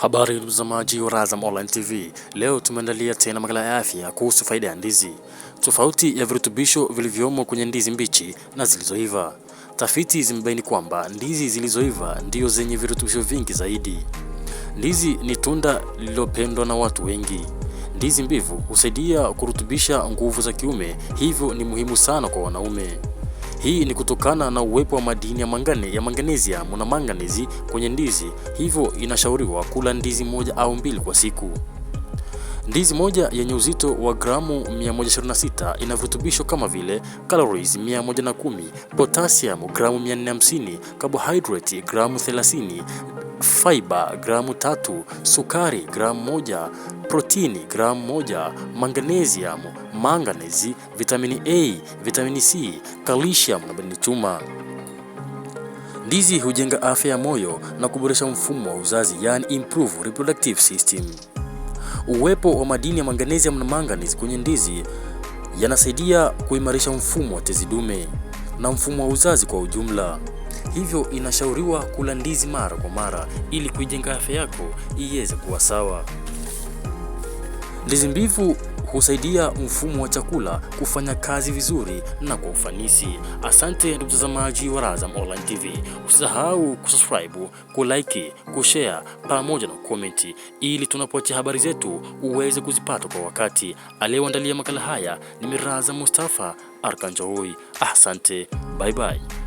Habari mtazamaji wa Razam Online TV, leo tumeandalia tena makala ya afya kuhusu faida ya ndizi, tofauti ya virutubisho vilivyomo kwenye ndizi mbichi na zilizoiva. Tafiti zimebaini kwamba ndizi zilizoiva ndiyo zenye virutubisho vingi zaidi. Ndizi ni tunda lililopendwa na watu wengi. Ndizi mbivu husaidia kurutubisha nguvu za kiume, hivyo ni muhimu sana kwa wanaume. Hii ni kutokana na uwepo wa madini ya mangane, ya manganesiamu na manganezi kwenye ndizi, hivyo inashauriwa kula ndizi moja au mbili kwa siku. Ndizi moja yenye uzito wa gramu 126 ina virutubisho kama vile calories 110, potassium gramu 450, carbohydrate gramu 30, fiber gramu 3, sukari gramu 1 protini gramu moja, manganesium, manganese, vitamini A, vitamini C, calcium na madini chuma. Ndizi hujenga afya ya moyo na kuboresha mfumo wa uzazi, yani improve reproductive system. Uwepo wa madini ya manganesium na manganese kwenye ndizi yanasaidia kuimarisha mfumo wa tezi dume na mfumo wa uzazi kwa ujumla. Hivyo inashauriwa kula ndizi mara kwa mara ili kuijenga afya yako iweze kuwa sawa. Ndizi mbivu husaidia mfumo wa chakula kufanya kazi vizuri na kwa ufanisi. Asante ndugu mtazamaji wa Razam Online TV, usisahau kusubscribe, kulike, kushare pamoja na kukomenti, ili tunapoachia habari zetu uweze kuzipata kwa wakati. Aliyoandalia makala haya ni Miraza Mustafa Arkanjoui. Asante, bye bye.